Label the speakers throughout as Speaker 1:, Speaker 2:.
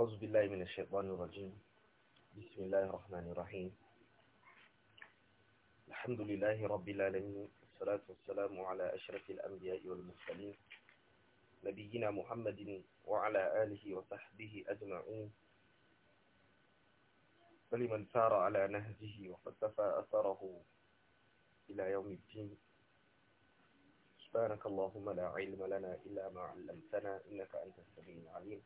Speaker 1: أعوذ بالله من الشيطان الرجيم بسم الله الرحمن الرحيم الحمد لله رب العالمين والصلاة والسلام على أشرف الأنبياء والمرسلين نبينا محمد وعلى آله وصحبه أجمعين ولمن سار على نهجه وفتف أثره إلى يوم الدين سبحانك اللهم لا علم لنا إلا ما علمتنا إنك أنت السميع العليم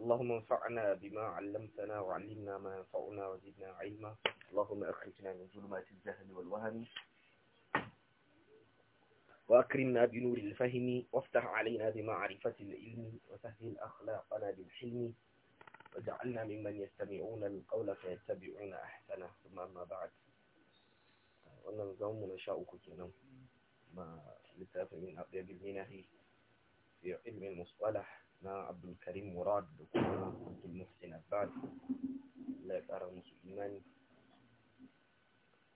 Speaker 1: اللهم انفعنا بما علمتنا وعلمنا ما ينفعنا وزدنا علما اللهم أخرجنا من ظلمات الجهل والوهم وأكرمنا بنور الفهم وافتح علينا بمعرفة العلم وسهل أخلاقنا بالحلم وجعلنا ممن يستمعون القول فيتبعون أحسنه ثم أما بعد وانا نزوم mu na ما uku من ma المنه في علم المصطلح na karim murad da kuma muhsin abbas allah ya kara musu imani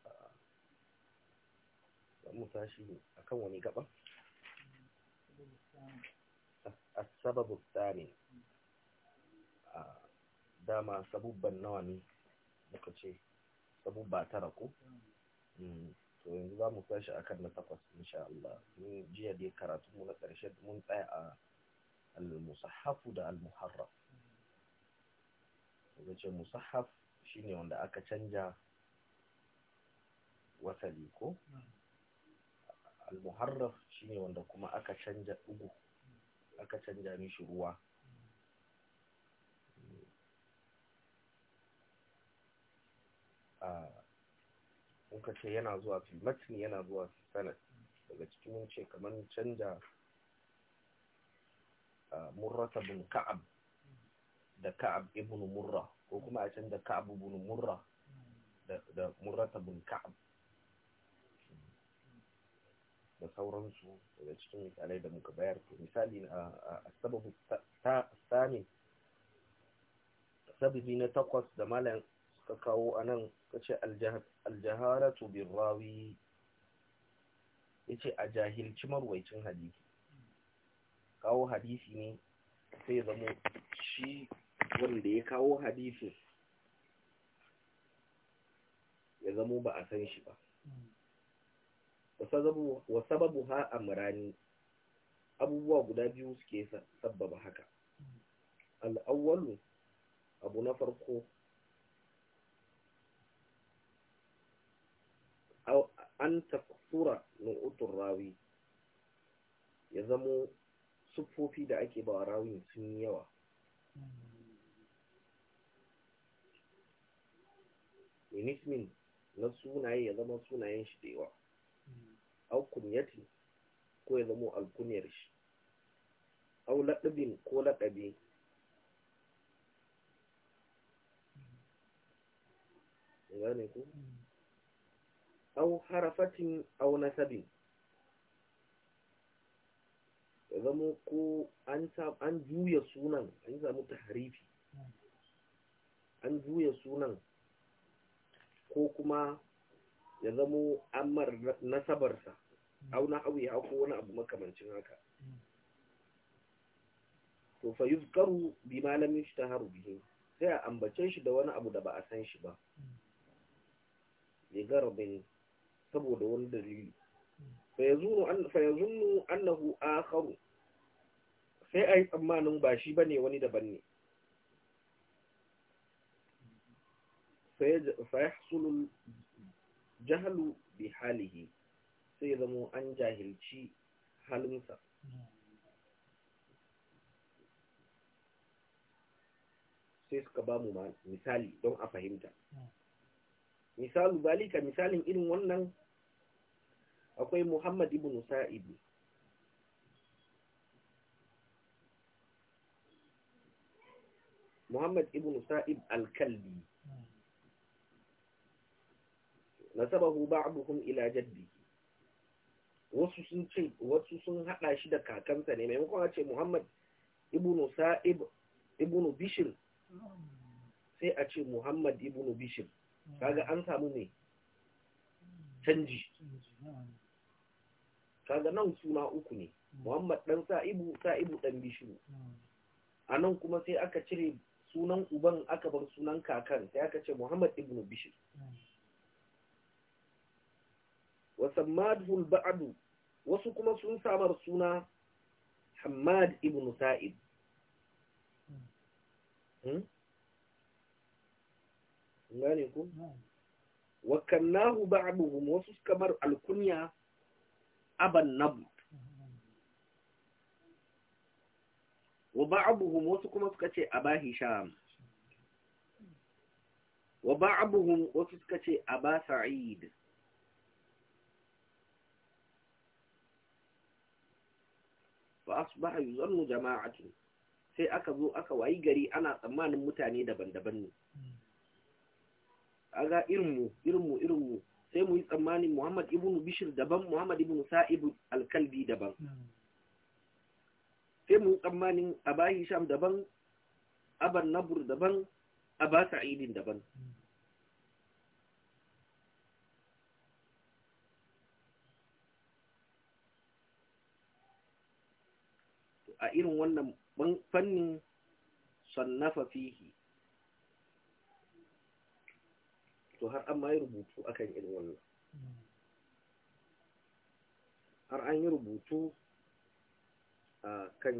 Speaker 1: ah, za mu tashi a kan wani gaba asababu a ah, dama sabubban nawa ne muka ce sabubba tara ko hmm, to yanzu za mu tashi akan na takwas insha Allah mun jiya dai karatu mu na ƙarshe mun tsaya a al-musahhafu da al-muharraf daga ce musahaf shine wanda aka canja wasali ko al-muharraf shine wanda kuma aka canja dugu aka canja mishi ruwa muka ah, ce yana zuwa yana zuwa daga cikin ce kamar canja murrata bin ka'ab da ka'ab ibn murra ko kuma a can da ka'ab ibn murra da murrata bin ka'ab da sauransu daga cikin misalai da muka bayar to misali a sababu sami sababi na takwas da malam suka kawo a nan kace aljaharatu bin rawi yace a jahilci marwaicin hadisi kawo hadisi ne sai ya zama shi wanda ya kawo hadisi ya zama ba a san shi ba wa sababu ha amrani abubuwa guda biyu suke sabbaba haka al'awwalu abu na farko an tafsura nu'utun rawi ya zamo siffofi da ake ba rawin sun yi yawa minismin na sunaye ya zama sunayen shi da yawa au kunyati ko ya zama alkuniyar shi au laɗabin ko laɗabi gane ku hmm. au harafatin au nasabin ya zama ko an juya sunan an samu taharifi an juya sunan ko kuma ya zamo ammar nasabarsa auna auye ko wani abu makamancin haka to fa yuzkaru bi malamin shi ta haru bihi sai a ambace shi da wani abu da ba a san shi ba bi garabin saboda wani dalili fayazunu annahu akharu sai ayi tsammanin ba shi ba wani daban ne fayahsulul jahlu bi halihi sai zamo an jahilci halinsa sai suka ba mu misali don a fahimta hmm. misalu balika misalin irin wannan akwai Muhammad ibn Sa'id Muhammad ibn Sa'id al-Kalbi nasabahu ba'dhum ila jaddi wasu sun ce wasu sun hada shi da kakansa ne maimakon a ce Muhammad ibn Sa'ib ibn Bishr sai a ce Muhammad ibn Bishr kaga an samu ne canji kaga nan suna uku ne hmm. muhammad dan sa'ibu sa'ibu dan bishu hmm. a nan kuma sai aka cire sunan uban aka bar sunan kakan sai aka ce muhammad ibn bishir hmm. wasammadul ba'du wasu kuma sun samar suna hamad ibn sa'ib gane ku wakannahu ba'aduhum wasu kamar alkunya aban nabu wa ba'abuhum wasu kuma suka ce aba hisham wa ba'abuhum wasu suka ce aba sa'id fa asbaha yuzannu ce, sai aka zo aka wayi gari ana tsammanin mutane daban-daban ne aga irinmu irinmu irinmu sai mu yi tsammanin Muhammad ibn Bishir daban Muhammad ibn Sa'ib al-Kalbi daban sai mu yi tsammanin Aba Hisham daban Aban Nabur daban Aba Sa'idin daban a irin wannan fannin sannafa fihi to har an ma yi rubutu akan irin wannan har an yi rubutu a kan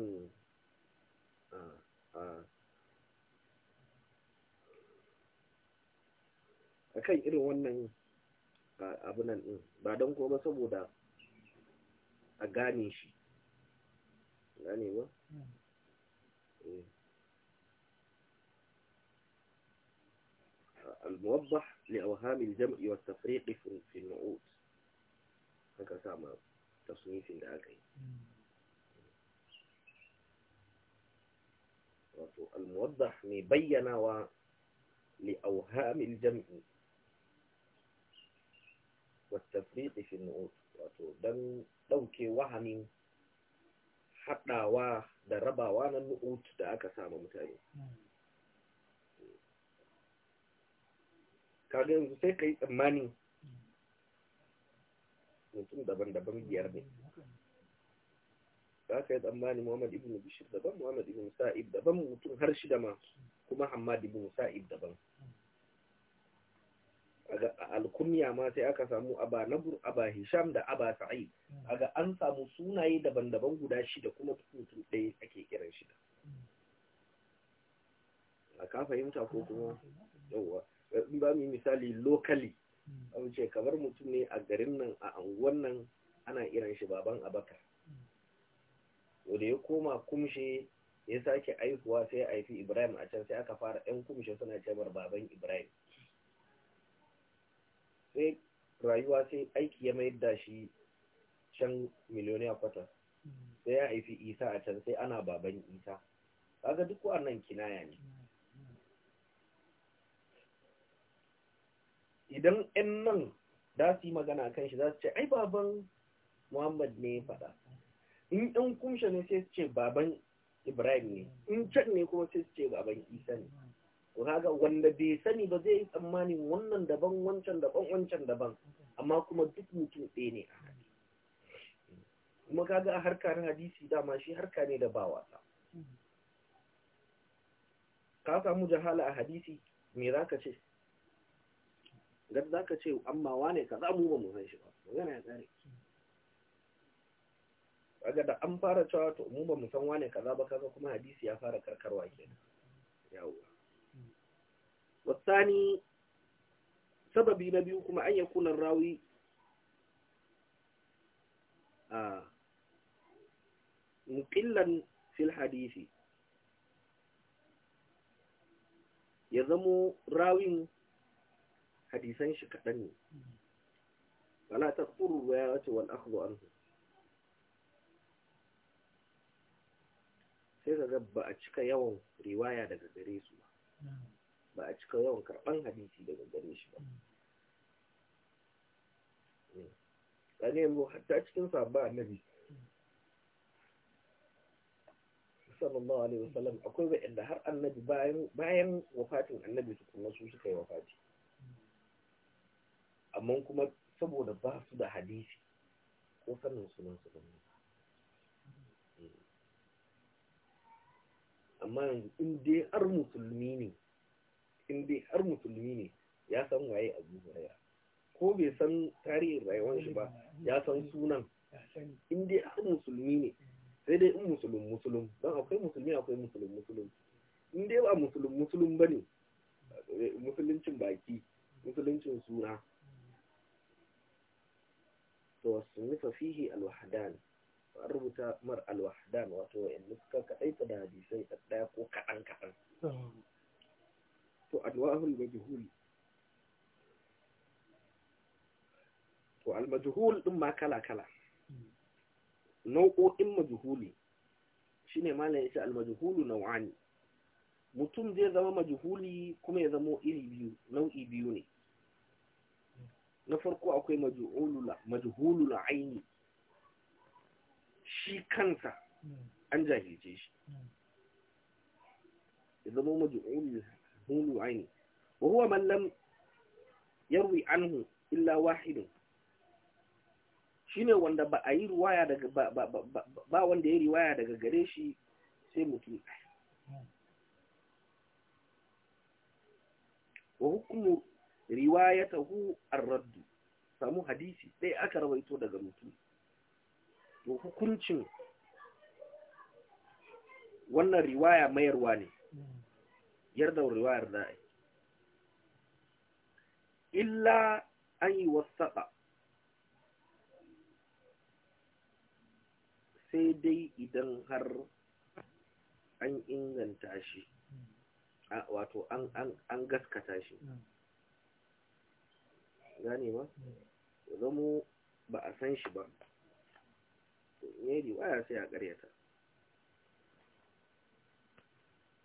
Speaker 1: a kan irin wannan abunan ɗin ba don kuma saboda a gane shi gane ba? Eh. لأوهام الجمع والتفريق في النقود هكا تعمى تصنيف الآخر الموضح مبين و لأوهام الجمع والتفريق في النعود دم دوك وهم حتى و دربا وانا النعود دا أكا متعين kaga yanzu sai ka yi tsammani mutum daban-daban biyar ne za ka yi tsammanin muhammad ibn bishir daban muhammad ibn sa'id daban mutum har shida ma kuma hamad ibn sa'id daban a alkunya ma sai aka samu aba nabur aba hisham da aba sa'id aga an samu sunaye daban-daban guda shida kuma mutum ɗaya ake kiran shida a ka fahimta ko kuma yawwa ba mu misali locally hmm. an ce kamar mutum ne a garin nan a anguwan nan ana iran shi baban abakar wanda hmm. ya koma kumshe ya sake aihuwa sai ya haifi ibrahim a can sai aka fara yan kumshe suna cewar baban ibrahim sai rayuwa sai aiki ya mayar da shi can miliyoniya kwata hmm. sai ya haifi isa a can sai ana baban isa kaga duk wannan kinaya ne idan yan nan da su yi magana kan shi za su ce ai baban muhammad ne ya faɗa in yan kumsha ne sai su ce baban ibrahim ne in can ne kuma sai su ce baban isa ne Ku kaga wanda bai sani ba zai yi tsammanin wannan daban wancan daban wancan daban amma kuma duk mutum ɗaya ne a kuma kaga a harka na hadisi dama shi harka ne da ba wasa ka samu jahala a hadisi me za ka ce idan za ka ce amma wane ka za mu ba mu san shi ba magana ya tsare kaga da an fara cewa to mu ba mu san wane kaza ba kaga kuma hadisi ya fara karkarwa kenan yawa wasani sababi na biyu kuma an yakuna rawi a muqillan fil hadisi ya zamo rawin hadisan shi kaɗan ne wala ta tsuru ya wace wal akhdhu anhu sai ka ba a cika yawan riwaya daga gare su
Speaker 2: ba
Speaker 1: ba a cika yawan karɓan hadisi daga gare shi ba tsane mu hatta cikin sabba annabi sallallahu alaihi wasallam akwai wa'anda har annabi bayan bayan wafatin annabi su kuma su suka yi wafati amma kuma saboda ba su da hadisi ko sanin sunan su ba hmm. amma yanzu in dai har musulmi ne in dai har musulmi ne ya san waye abu huraira ko bai san tarihin rayuwar shi ba ya san sunan in dai har musulmi ne sai dai in musulun musulun don akwai musulmi akwai musulun musulun in dai ba musulun musulun ba ne eh, musuluncin baki musuluncin suna to wasu nufa fihi alwahdan rubuta mar alwahdan wato wa'anda suka kaɗaita da sai ɗaya ko kaɗan kaɗan to alwahul majhul to almajhul din ma kala kala nau'o'in majhuli shine malam yace almajhulu nau'ani mutum zai zama majhuli kuma ya zama iri biyu nau'i biyu ne na farko akwai majhulul aini shi kansa an jahilce shi ya zama majhulul aini wa huwa man lam yarwi anhu illa Shi shine wanda ba a yi riwaya daga ba wanda ya riwaya daga gare shi sai mutum ɗaya wa hukumu riwayatahu ar-radd samu hadisi dai aka rawaito daga mutum to hukuncin wannan riwaya mayarwa ne yarda riwayar da illa an yi wasaɓa sai dai idan har an inganta shi wato an gaskata shi hmm. gane ba ya zamo ba a san shi ba ya yi riwaya sai a karyata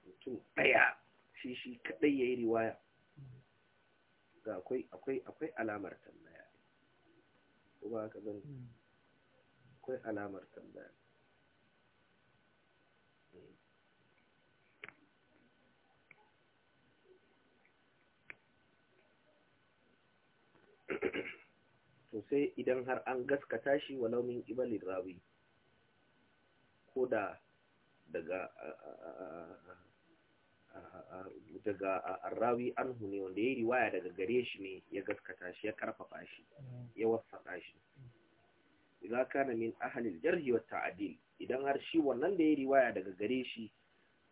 Speaker 1: mutum ɗaya shi shi kaɗai ya yi riwaya ga akwai alamar tambaya ko ba haka zan hmm. akwai alamar tambaya to sai idan har an gaskata shi walau min ibalin rawi ko da daga daga rawi an hune wanda ya yi riwaya daga gare shi ne ya gaskata shi ya karfafa shi ya wasfaka shi ka kana min ahalin jarhi wa ta'dil idan har shi wannan da ya yi riwaya daga gare shi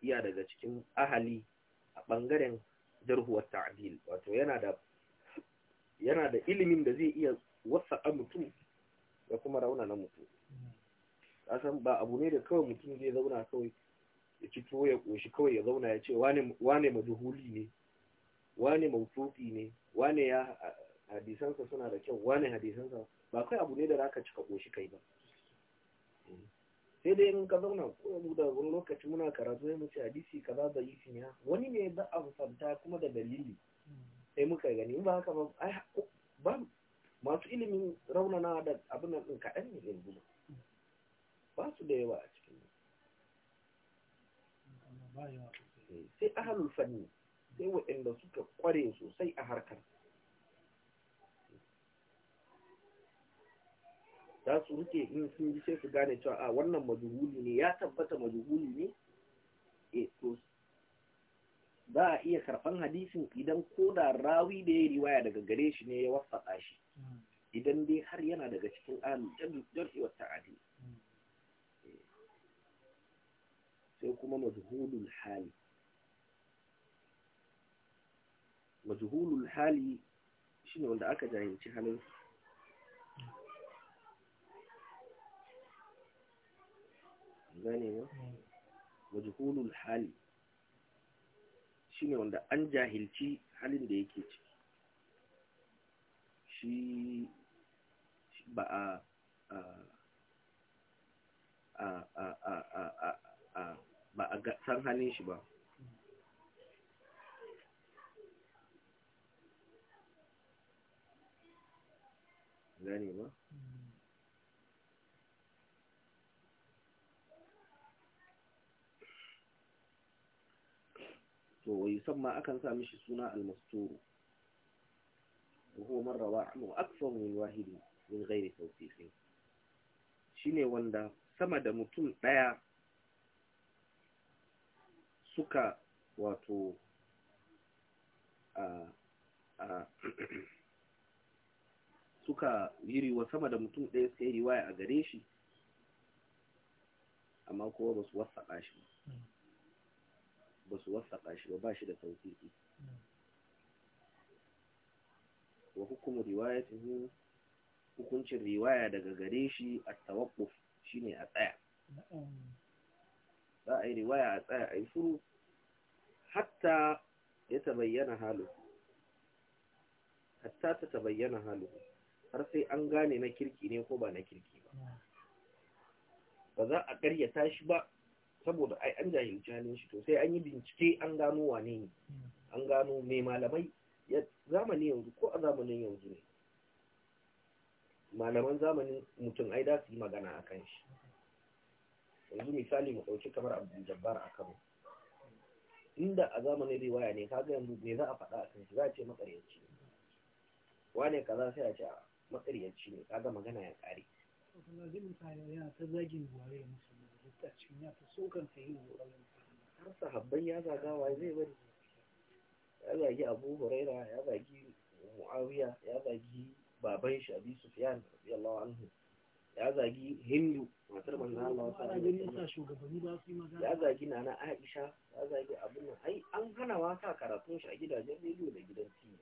Speaker 1: iya daga cikin ahali a bangaren jarhu ta'adil. wato yana da yana da ilimin da zai iya a mutum da kuma rauna na mutum kasan ba abu ne da kawai mutum zai zauna kawai ya ci tuwo ya koshi kawai ya zauna ya ce wane mazuhuli ne wane mautofi ne wane ya hadisansa suna da kyau wane hadisansa ba kai abu ne da raka cika koshi kai ba sai dai in ka zauna ko ya da wani lokaci muna karatu sai mu ce hadisi kaza da yi ne wani ne da amfanta kuma da dalili sai muka gani ba haka ba masu ilimin raunana da abin nan kaɗan ne yanzu ba su da yawa a cikin eh, sai ahalul fanni sai waɗanda suka ƙware sosai a harkar za su rike in sun ji sai su gane cewa a wannan majuhuli ne ya tabbata majuhuli ne e to za a iya karɓan hadisin idan ko da rawi da ya riwaya daga gare shi ne ya wasa shi idan dai har yana daga cikin alim jar'i wa ta'adi sai kuma majhulul hali majhulul hali shine wanda aka jahilci halin gane ba majhulul hali shine wanda an jahilci halin da yake ciki shi ba a ba a san halin shi ba gane ba to wai samma akan sa mishi suna al ko wa huwa man min ghairi tawfiqin shine wanda sama da mutum ɗaya suka wato a a suka yi riwa sama da mutum ɗaya suka yi riwaya a gare shi amma kowa ba su wasaƙa shi ba su wasaƙa shi ba ba shi da tawfiqi mm. wa hukumu riwayatin hukuncin riwaya daga gare shi a tawakkuf shine a tsaya za a yi riwaya a tsaya a yi furu, hatta ya tabayyana halu hatta ta tabayyana halu har sai an gane na kirki ne ko ba na kirki ba ba za a karyata shi ba saboda ai an jahilci halin shi to sai an yi bincike an gano wane ne an gano mai malamai zamani yanzu ko a zamanin yanzu ne malaman zamanin mutum ai da su yi magana a kan shi yanzu misali mu ɗauki kamar abu jabbar a kano inda a zamanin waya ne ga yanzu me za a faɗa a kan shi za a ce makaryaci wane kaza sai a ce ah, makaryaci ne ka ga magana ya ƙare har sahabbai ya wa zai bari ya zagi abu huraira ya zagi mu'awiya ya zagi baban shi abi sufyan radiyallahu anhu ya zagi hindu matar manzo Allah sallallahu alaihi wasallam ya zagi nana Aisha ya zagi abin nan ai an hana wasa karatun shi a gidajen rediyo da gidan TV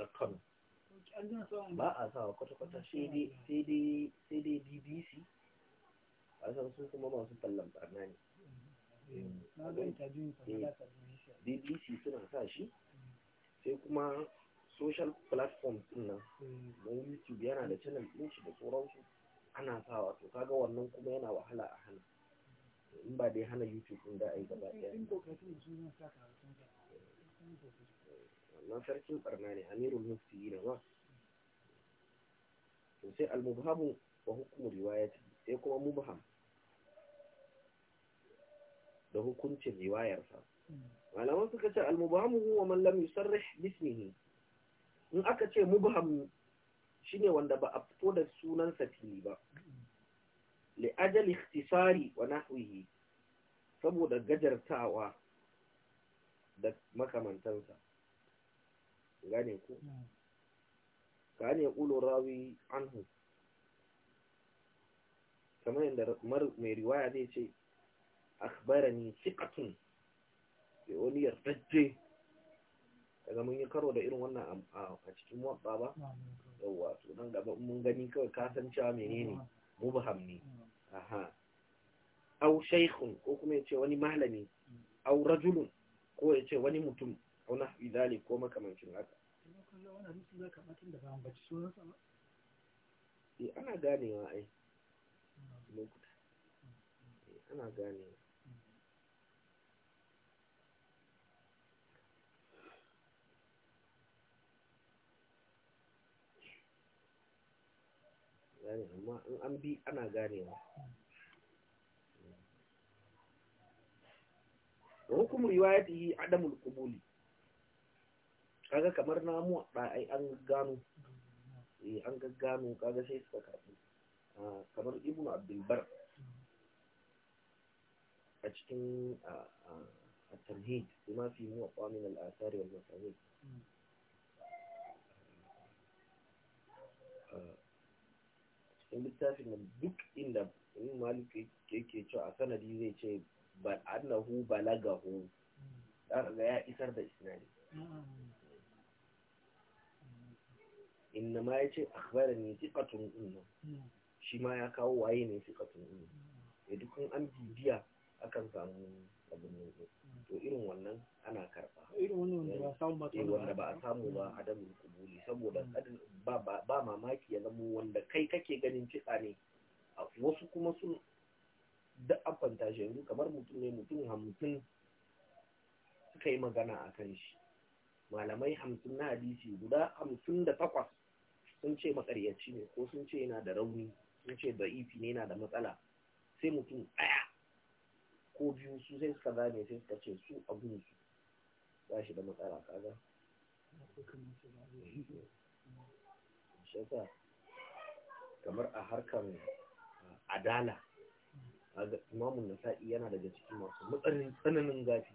Speaker 1: na Kano ba a sawa kwata-kwata sai dai bbc a san su kuma masu tallan barna ne mm-hmm. eh, bbc suna sa shi sai kuma social platforms din nan na hmm. youtube yana da channel din shi da sauransu ana sawa to kaga wannan kuma yana wahala a hana in ba dai hana youtube din da ai gaba daya wannan sarkin barna ne amirul mufti ne ba to sai al-mubhamu wa hukmu riwayati sai kuma mubham da hukuncin riwayarsa hmm. malaman suka ce al-mubhamu huwa man lam yusarrih bismihi in aka ce mubham shine wanda ba a fito da sunansa fili ba li ajal ikhtisari wa nahwihi saboda gajartawa da makamantansa gane ku ka rawi anhu kamar yadda mai riwaya zai ce akhbarani siqatun bi wani yardajje Daga mun yi karo da irin wannan a cikin wadda ba yauwa to nan gaba mun gani kawai ka san cewa menene mubham ne aha Au shaykhun ko kuma yace wani malami mm. Au rajulun ko yace wani mutum Au nahwi dhalik ko makamancin haka eh, ana ganewa ai mm. Mm, eh, ana ganewa gane amma in an bi ana ganewa hukum riwayatihi adamul qubuli kaga kamar namu da ai an gano eh an gaggano kaga sai suka kafi ah, kamar ibnu abdul bar a cikin a ah, ah, tanhid kuma fi muwaffa min al-athari wal masanid in littafin nan duk inda in malik yake cewa a sanadi zai ce ba annahu balagahu ga ya isar da isnadi inna ma ya ce akhbara ne siqatun inna shi ma ya kawo waye ne siqatun inna ya eh, dukkan an bibiya akan samu abin yanzu to irin wannan ana karba irin wannan ba samu ba wanda ba a samu ba adam kubuli saboda hmm. ba mamaki ya zama wanda kai kake ganin kitsa ne wasu kuma sun da abanta shi yanzu kamar mutum ne mutum hamsin suka yi magana a kan shi malamai hamsin na hadisi guda hamsin da takwas sun ce makaryaci ne ko sun ce yana da rauni sun ce da ifi ne yana da matsala sai mutum ɗaya ko biyu su zai suka zame sai suka ce su abin su ba shi da matsala kaga kamar a harkar adala imamun nasa'i yana daga cikin masu matsanin tsananin zafi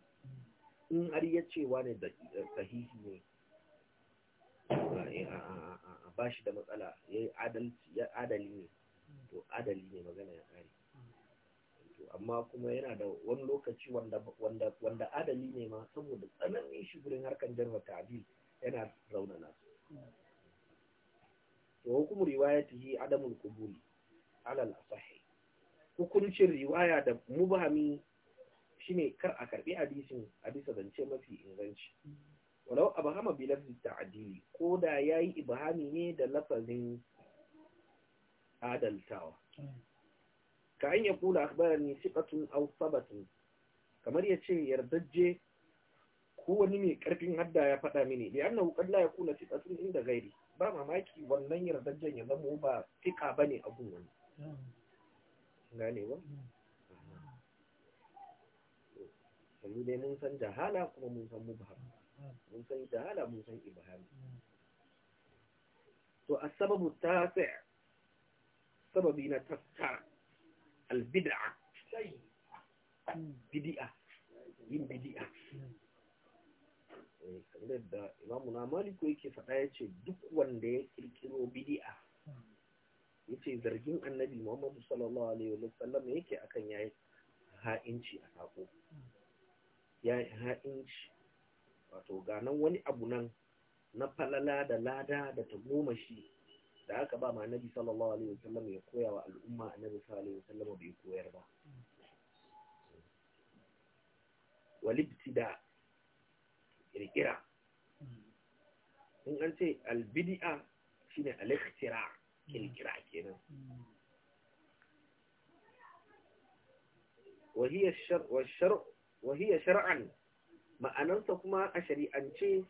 Speaker 1: in har yi cewa ne da sahihi ne ba shi da matsala ya yi adali ne to adali ne magana ya kare amma kuma yana da wani lokaci wanda adali ne ma saboda tsananin shi gurin harkan jarfa ta'dil yana raunana su to hukumu riwayatihi adamul qubuli alal asahi hukuncin riwaya da mubhami shine kar a karbi hadisin a bisa zance mafi inganci walau abahama bi lafzi ta'dili ko da yayi ibhami ne da lafazin adaltawa ka an yaqula akhbarani siqatun aw sabatun kamar yace yardajje ko wani mai karfin hadda ya faɗa mini bi annahu qad la yakuna siqatun inda ghairi ba mamaki wannan yardajjen ya zama ba thiqa bane a gun wani gane ba mu dai mun san jahala kuma mun san mubham mun san jahala mun san ibham to as-sababu tasi' sababi na tattara albid'a bid'a yin bid'a eh, kamar da imamu na maliku yake faɗa ya ce duk wanda ya kirkiro bid'a ya ce zargin annabi muhammadu sallallahu alaihi wa sallam yake akan ya yi ha'inci a sako ya yi ha'inci wato ganan wani abu nan na falala da lada da ta goma shi. da haka ba ma annabi sallallahu alaihi wasallam ya koya wa al'umma annabi sallallahu alaihi wasallam bai koyar ba walibtida kirkira in an ce albidi'a shine al-ikhtira kirkira kenan وهي الشرع والشرع وهي شرعا ma'anarsa kuma a shari'ance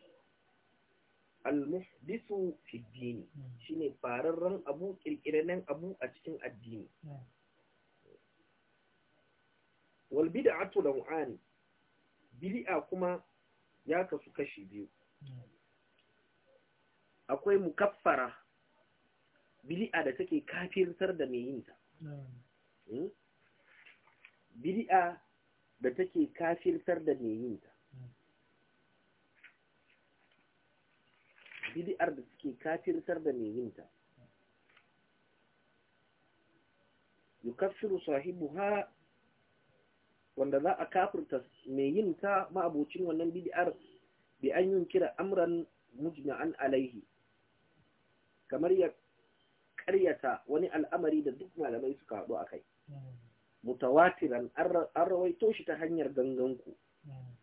Speaker 1: almuhdisu fi dini hmm. shine fararren abu kirkirannen abu a cikin addini hmm. wal bid'atu law'an bid'a kuma ya kasu kashi biyu hmm. akwai mukaffara bid'a da take kafirtar da mai bid'a da take kafirtar da mai yinta bid'ar da suke kafirtar da mai yinta yukaffiru sahibuha wanda za a kafirta mai yinta ma'abocin wannan bid'ar bi an kira amran mujma'an alaihi kamar ya karyata wani al'amari da duk malamai suka haɗu a kai mutawatiran an rawaito shi ta hanyar ganganku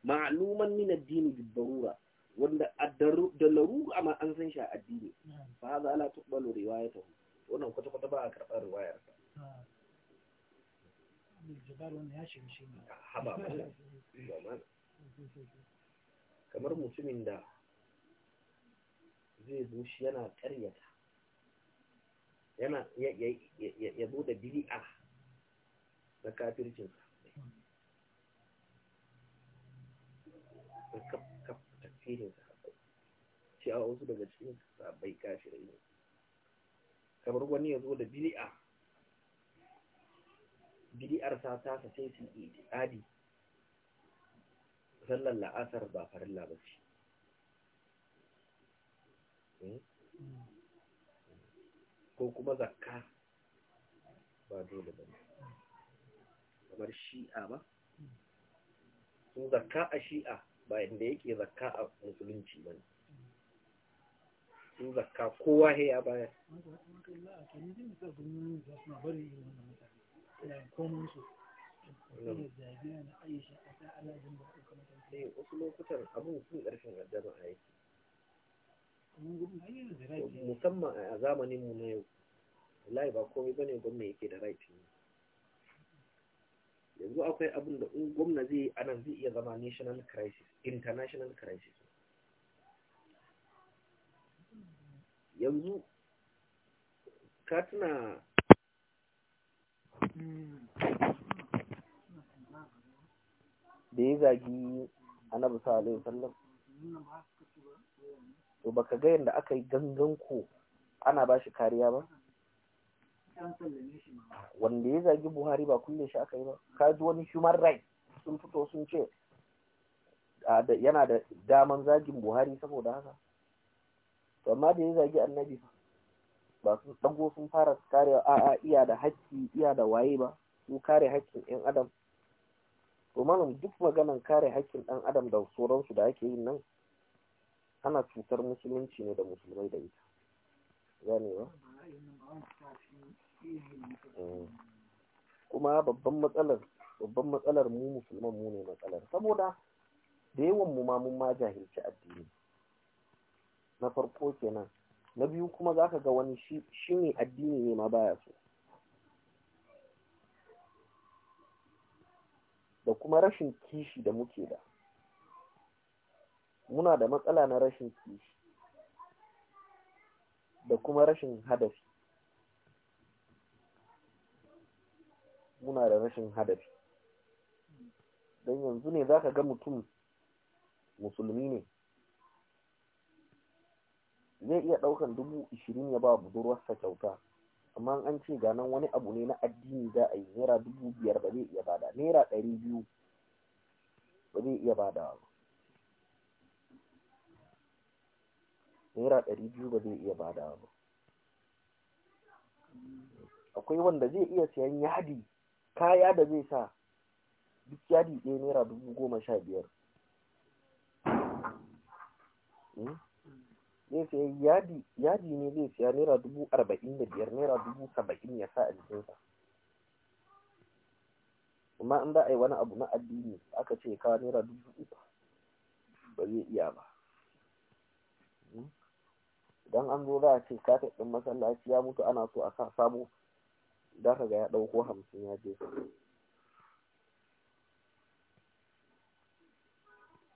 Speaker 1: ma'aluman hmm. min addini bidarura wanda da larura ma an san shi a addini latu haza ala tuqbalu riwayatuhu wannan kwata kwata ba a karɓar riwayar ta kamar mutumin da zai zo shi yana karyata yana ya zo da bili'a na kafircinsa tafsirin sahabbai a wasu daga cikin sahabbai kafirai ne kamar wani ya zo da bid'a bid'ar ta tasa sai su adi sallan la'asar ba farilla ba ce hmm? ko kuma zakka ba dole ba ne kamar shi'a ba sun zakka a shi'a ba inda yake zakka a musulunci ba su zakka kowa he ya baya
Speaker 2: wasu lokutan abin sun ƙarfin
Speaker 1: a yake musamman a zamaninmu na yau wallahi ba komai bane gwamna yake da right ne yanzu akwai abin da in gwamna zai yi anan zai iya zama national crisis international crisis yanzu ka tuna da ya zagi annabi sallallahu alaihi Sallam? to baka ga yadda aka yi gangan ko ana ba shi kariya ba wanda ya zagi buhari ba kulle shi aka yi ba ka ji wani human rights sun fito sun ce yana da daman zagin buhari saboda haka to amma da ya zagi annabi ba sun dago sun fara kare a'a iya da haƙƙi iya da waye ba su kare haƙƙin yan adam to malam duk maganan kare haƙƙin ɗan adam da sauransu da ake yin nan ana cutar musulunci ne da musulmai da ita gane ba kuma babban matsalar babban matsalar mu musulman mu ne matsalar saboda da yawan mu ma mun ma jahilci addini na farko kenan na biyu kuma zaka ga wani shi ne addini ne ma baya so da kuma rashin kishi da muke da muna da matsala na rashin kishi da kuma rashin hadafi muna da rashin hadafi don yanzu ne za ka ga mutum musulmi ne zai iya ɗaukan dubu ishirin ya ba budurwarsa kyauta amma an ce ganan wani abu ne na addini za a yi naira dubu biyar ba zai iya bada naira ɗari biyu ba zai iya bada ba naira ɗari biyu ba zai iya bada ba akwai wanda zai iya sayan yadi kaya da zai sa duk yadi ɗaya naira dubu goma sha biyar hmm? zai saya yadi ne zai saya naira dubu arba'in da biyar naira dubu saba'in ya sa a jikinsa amma in za a yi wani abu na addini aka ce kawo naira dubu uku ba zai iya ba hmm? idan an zo za a ce kafet ɗin masallaci ya mutu ana so a sa sabo Da ka ga ya ɗauko hamsin ya je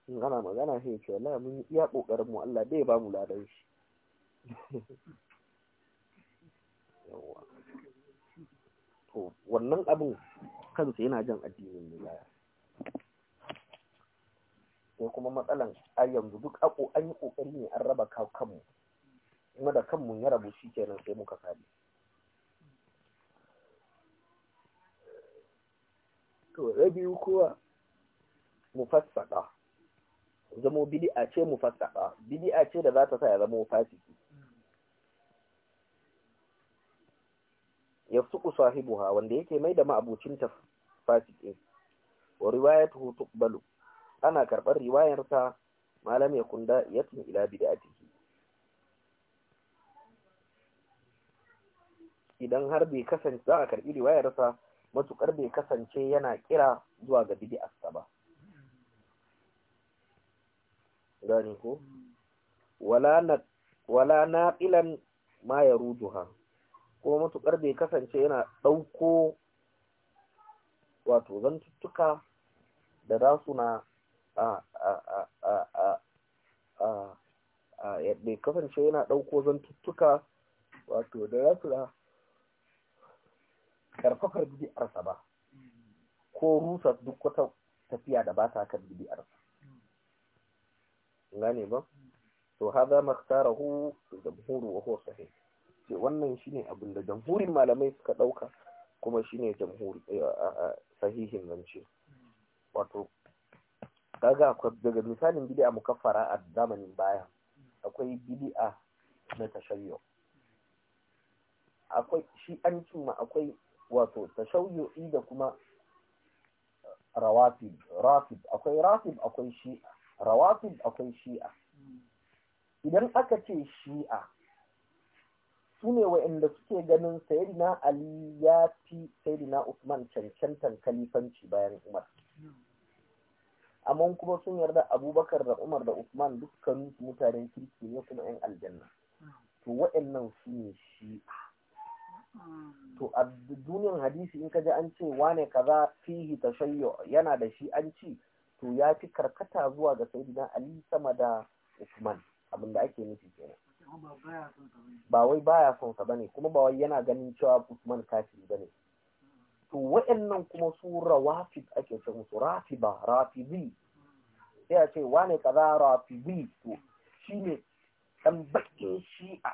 Speaker 1: in ana magana sai ce yi mun iya kokarin mu Allah bai ba mu ladan shi to wannan abin kansa yana jan addinin wilaya sai kuma matsalan a yanzu duk ako an yi kokari ne an raba kanmu kuma da kanmu ya rabu shi kenan sai muka sami. to rabi kuwa mufassaka zamo bid'a ce mufassaka bid'a ce da za ta sa ya zama fasiki yafsuku sahibuha wanda yake mai da ma'abucin ta fasiki wa riwayatuhu tuqbalu ana karbar riwayarsa malam ya kunda yatin ila bid'atihi idan har bai kasance za a karbi riwayarsa matukar bai kasance yana kira zuwa ga bid'arsa ba gani ko wala na ma ya rudu ha? kuma matukar bai kasance yana ɗauko wato zantuttuka da za su na a a a a a bai kasance yana zantuttuka wato da za su na karfafar bidi'arsa ba ko rusa duk wata tafiya da ba ta kan bidi'arsa gane ba to haza makhtarahu jamhuru wa huwa sahih ce wannan shine abin da jamhurin malamai suka dauka kuma shine jamhuri eh, sahihin zance wato kaga daga misalin bid'a mukaffara a zamanin baya akwai bid'a na tashayyu akwai shi an ma akwai wato tashayyu'i da kuma rawatib rafid akwai rafid akwai shi'a rawatib akwai shi'a idan aka ce shi'a sune ne wa'inda suke ganin Sayyidina ali ya fi Sayyidina usman cancantan kalifanci bayan umar amma kuma sun yarda abubakar da umar da usman dukkan mutanen kirki ne kuma yan aljanna to wa'annan su ne a duniyar hadisi in ka ji an ce wane kaza fihi tashayyu yana da shi an ci to ya fi karkata zuwa ga sayyidina ali sama da usman abin da ake nufi kenan ba wai baya son sa bane kuma ba wai yana ganin cewa usman kafiri bane to wa'annan kuma su rawafid ake ce musu rafiba rafibi sai a ce wane kaza rafibi to shine dan bakin shi'a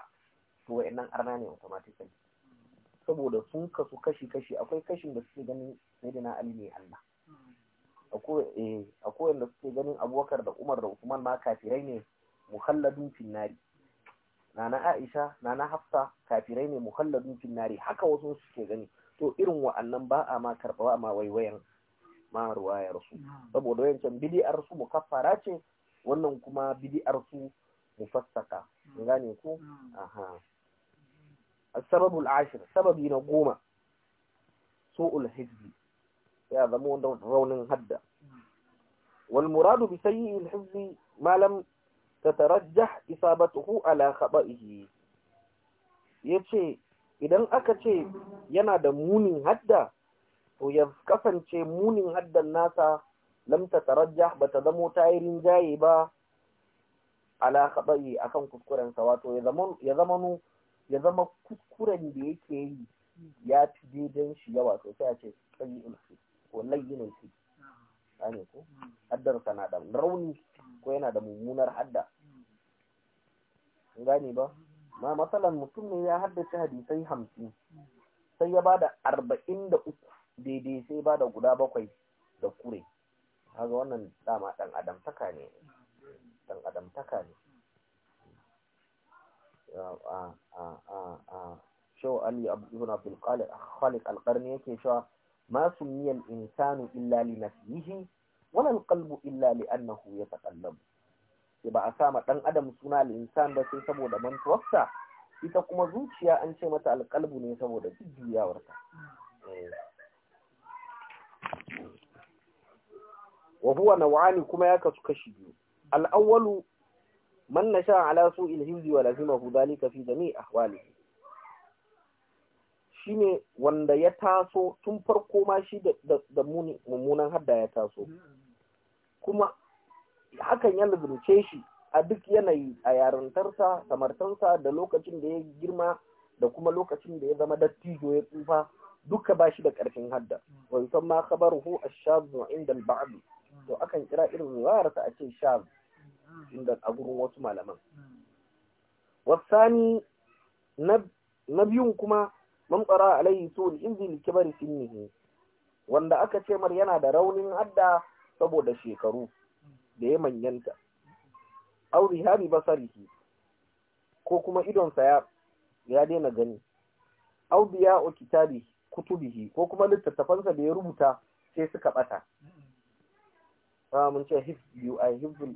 Speaker 1: to wa'annan arna ne automatically saboda sun kasu kashi-kashi akwai kashin da suke ganin sayyidina ali ne Allah eh, akwai wanda suke ganin abubakar da umar da usman ma kafirai ne muhalladun finnari nana aisha na na hafsa kafirai ne muhalladun finnari haka wasu suke gani to irin wa'annan ba a ma karɓa ma waiwayan ma ruwayar su saboda wayancan bidi'ar su mukaffara ce wannan kuma bidi'ar su mufassaka gane ko aha السبب العاشر سبب نقوم سوء الحفظ يا ذمون دون رون هدا والمراد بسيء الحفظ ما لم تترجح إصابته على خطئه yace idan aka ce yana da munin hadda to ya kasance munin haddan nasa lam tatarajjah bata zamo tayirin jaye ba ala khata'i akan kuskuren wato ya zama ya zamanu ya zama kuskuren da yake yi ya fi daidan shi yawa sosai a ce tsayi su ko layin a ne ko haddar na da rauni ko yana da mummunar hadda gane ba ma matsalan mutum ne ya haddace hadisai hamsin sai ya da arba'in da uku daidai sai ba da guda bakwai da kure kaga wannan dama dan adam taka ne dan adam taka ne shaw ali ibn abdul khaliq al yake cewa masu miyan insanu illa li nafsihi wala al-qalbu illa li annahu yataqallabu sai ba a sama dan adam suna al-insan ba sai saboda mantuwarsa ita kuma zuciya an ce mata alƙalbu ne saboda jujjuyawarta eh. wa huwa naw'ani kuma ya kasu kashi biyu al man sha ala su'il hizbi wa lazimahu dhalika fi jami' shine wanda ya taso tun farko ma shi da mummunan hadda ya taso kuma hakan ya lubuce shi a duk yanayi a yarantarsa samartansa da lokacin da ya girma da kuma lokacin da ya zama dattijo ya tsufa duka ba shi da karfin hadda wa ma khabaruhu ash-shadh 'inda al-ba'd to akan kira irin sa a ce shadh inda a gurin wasu malaman hmm. wasani na biyun kuma mun tsara alaihi so da injil kibari sinnihi wanda aka ce mar yana da raunin hadda saboda shekaru da ya manyanta auri hari basarihi ko kuma idonsa ya ya daina gani au ya o kutubihi ko kuma littattafansa da ya rubuta sai suka bata hmm. ah, mun ce hifz hifzul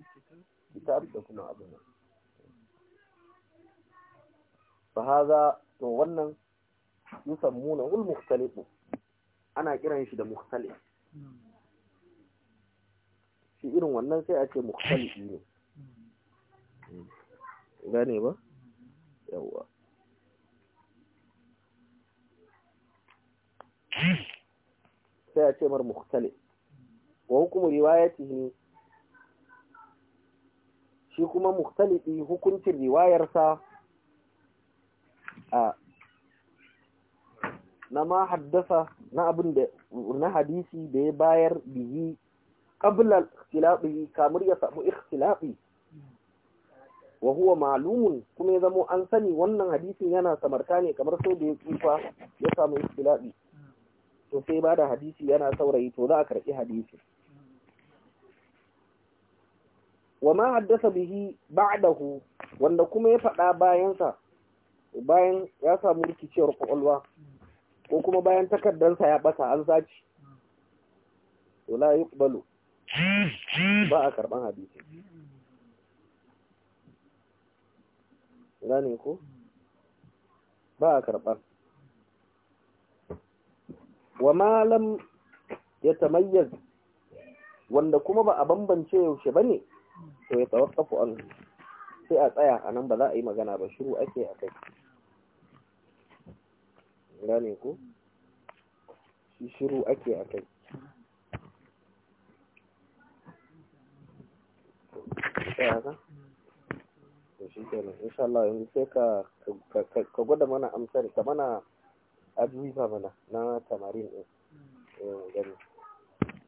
Speaker 1: kitab da kuma abin nan fa haza to wannan yusammuna ul mukhtalif ana kiran shi da mukhtalif shi irin wannan sai a ce ne gane ba yawa sai a ce mar mukhtalif wa hukumu riwayatihi shi kuma muktalifi hukuncin riwayarsa a na ma haddasa na abin da na hadisi da ya bayar biyi qabla ikhtilafi kamar ya samu ikhtilafi wa huwa ma'lumun kuma ya zamo an sani wannan hadisin yana samarta ne kamar sau da ya tsufa ya samu ikhtilafi to sai ba da hadisi yana saurayi to za a karɓi hadisi wa ma haddasa bihi ba'dahu wanda kuma ya faɗa bayansa bayan ya samu rikicewar kwakwalwa ko kuma bayan takardarsa ya ɓata an zaci. to la yuqbalu ba a karɓan hadisi gane ko ba a karɓan wa malam ya tamayyaz wanda kuma ba a bambance yaushe ba ne to ya kafu an sai a tsaya a nan ba za a yi magana ba shiru ake a kai gane ku shi shiru ake a kai insha yanzu sai ka ka gwada mana amsar ka mana ajiyi mana na tamarin din eh, gani